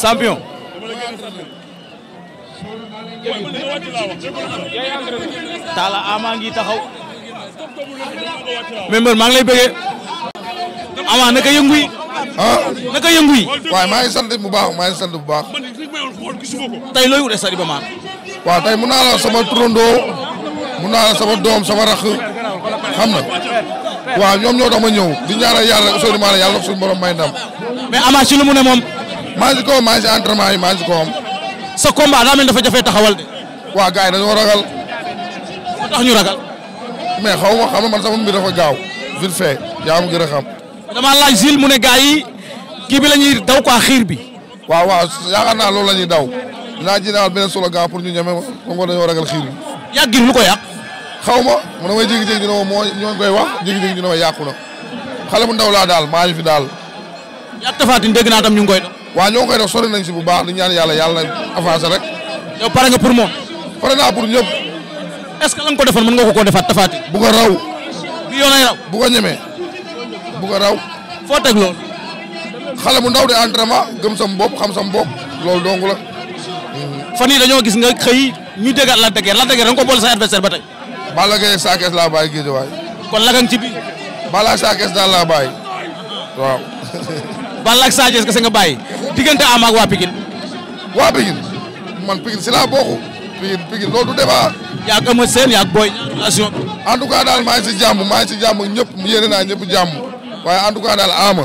champion. Talla Ama ngi taxaw. mais mbër lay bëggee. Ama naka yëngu yi. ah naka yëngu waaye maa ngi sant bu baax maa ngi bu baax. tey looy wut stade Iba Mar. waaw tey mun naa la sama turandoo mun naa la sama doom sama rakk xam na waaw ñoom ñoo tax ma ñëw di ñaanal yàlla Ousseynou Mané yàlla suñu borom may ndam. mais Ama ci ne moom. maa si kaw maa si entraînement yi maa si kawam. sa combat daa mel dafa jafe taxawal de. waa gars yi dañoo ragal. moo tax ñu ragal. mais xaw ma xam man sama mbir dafa gaaw. vite fait yaa ma a xam. dama laaj mu ne gars yi kii bi la ñuy daw xiir bi. waaw waaw yaakaar naa loolu la ñuy daw. dinaa ji daal beneen solo gaaw pour ñu ñeme ma kon dañoo ragal xiir bi. yàgg gi lu ko yàq. xaw ma a damay jékki-jékki na ma moo ñoo koy wax jékki-jékki dina ma yàqu na xale bu ndaw laa daal maa ngi fi daal. yaa Tapha Tine dégg naa tam ñu ngi koy waaw ñoo ngi koy def sori nañ si bu baax di ñaan yàlla yàlla na avancé rek. yow pare nga pour moom. pare naa pour ñëpp. est-ce que la nga ko defoon mën nga ko koo defaat tafaati. bu ko raw. bi yoon ay raw. bu ko ñemee bu ko raw. foo teg loolu. xale bu ndaw de entraînement gëm sam bopp xam sam bopp loolu dong la. fan yii dañoo gis nga xëy ñu déggaat Lac de Guiers Lac de Guiers da nga ko boole sa adversaire ba tey. Balla Gaye saa kees laa bàyyi géej waay. kon lagang ci bi. Balla saa kees daal laa bàyyi waaw. Balla ak Sa Thiès kese nga bàyyi diggante Ama ak waa Pikine. waa Pikine man Pikine si laa bokk loolu du débat. yaa ngi booy relation. en daal maa si jàmm maa si jàmm ñëpp yéene naa ñëpp jàmm waaye en daal Ama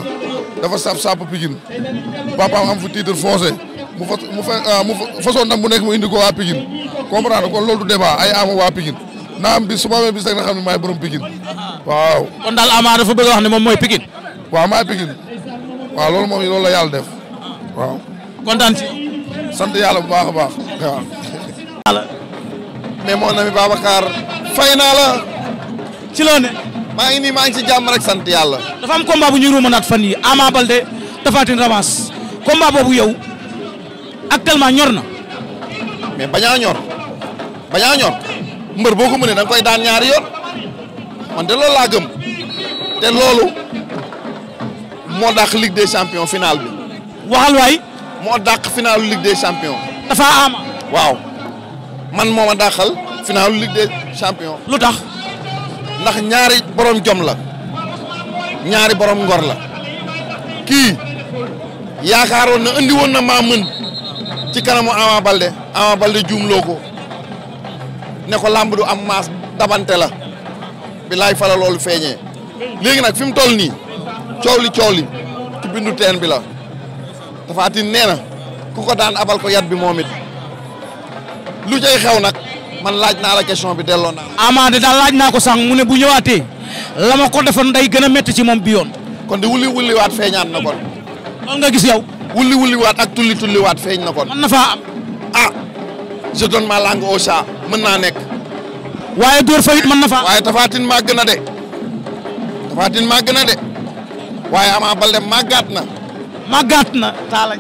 dafa sap sap Pikine papaam am fu titre foncé mu fa mu fa ah, mu façon waa Pikine comprendre kon loolu du débat ay Ama waa Pikine. naam bi su ma amee xam ne maay borom Pikine waaw. kon daal a wax moom mooy Pikine. waaw loolu moom loolu la yàlla def waaw. kontaan ci. sant yàlla bu baax a baax waaw. mais mon ami Babacar. fay naa ci loo maa ngi nii maa ngi ci jàmm rek sant yàlla. dafa am combat bu ñuy ruumanaat fan yi Ama Baldé Tapha Tine Ramas combat boobu yow actuellement ñor na. mais bañaa ñor bañaa ñor mbër boo ko mënee da koy daan ñaar yoon man de loolu laa te loolu. moo dàq Ligue des champions final bi. waxal waay. moo dàq final Ligue des champions. dafa am. waaw man moo ma dàqal final Ligue des champions. lu tax. ndax ñaari borom jom la ñaari borom ngor la kii yaakaaroon na andi woon na maa ci kanamu Ama Balde Ama Balde juumloo ko ne ko làmb du am maas dabante la bi laay fala loolu feeñee léegi nag fi mu toll nii. coow li coow li ci bindu teen bi la Tapha Tine ku ko daan abal ko yat bi moom lu cay xew nag man laaj naa la question bi delloon naa la. Ama de daal laaj naa ko sànq mu ne bu ñëwaatee la ko defoon day gën a métti ci moom bi kon di wuli waat feeñaat na kon. nga gis yow. wuli wuliwaat ak tulli tulliwaat feeñ na kon. mën am. ah je donne ma langue mën naa nekk. waaye dóor fa it mën waaye Tapha maa gën a de Tapha maa gën a de. waaye Ama Baldé màggat na. màggat na.